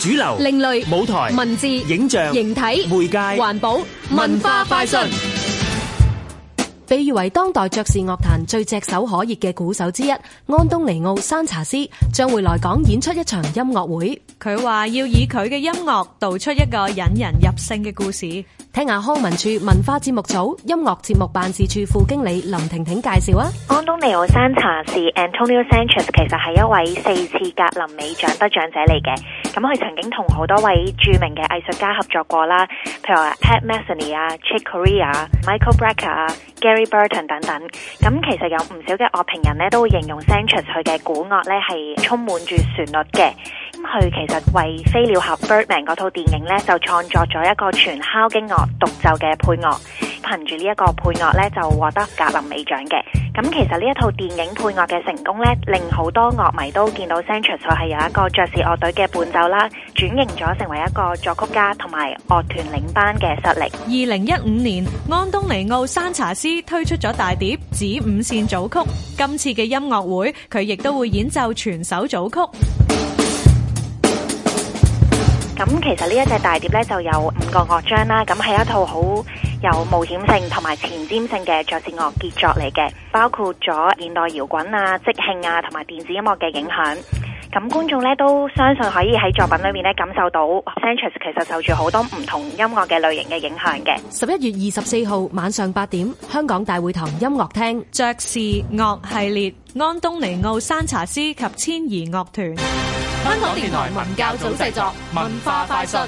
主流、另類舞台、文字、影像、形體、媒介、環保、文化快訊。被譽為當代爵士樂壇最炙手可熱嘅鼓手之一，安東尼奧山查斯將會來港演出一場音樂會。佢話要以佢嘅音樂道出一個引人入勝嘅故事。聽下康文署文化節目組音樂節目辦事處副經理林婷婷介紹啊。安東尼奧山查斯 Antonio Sanchez 其實係一位四次格林美獎得獎者嚟嘅。咁佢曾經同好多位著名嘅藝術家合作過啦，譬如 Pat Metheny 啊、Chick Corea、Michael Brecker 啊、Gary Burton 等等。咁其實有唔少嘅樂評人咧，都會形容的 Sanchez 佢嘅鼓樂咧係充滿住旋律嘅。咁佢其實為《飛鳥俠》Birdman 嗰套電影咧，就創作咗一個全敲擊樂獨奏嘅配樂。憑住呢一個配樂咧，就獲得格林美獎嘅。咁其實呢一套電影配樂嘅成功咧，令好多樂迷都見到 Central 係有一個爵士樂隊嘅伴奏啦，轉型咗成為一個作曲家同埋樂團領班嘅實力。二零一五年，安東尼奧山查斯推出咗大碟《指五線組曲》，今次嘅音樂會佢亦都會演奏全首組曲。咁其實呢一隻大碟咧就有五個樂章啦，咁係一套好有冒險性同埋前瞻性嘅爵士樂傑作嚟嘅，包括咗現代搖滾啊、即興啊同埋電子音樂嘅影響。咁觀眾咧都相信可以喺作品裏面咧感受到 Sanchez 其實受住好多唔同音樂嘅類型嘅影響嘅。十一月二十四號晚上八點，香港大會堂音樂廳，爵士樂系列，安東尼奧山查斯及遷移樂團。香港電台文教組製作《文化快訊》。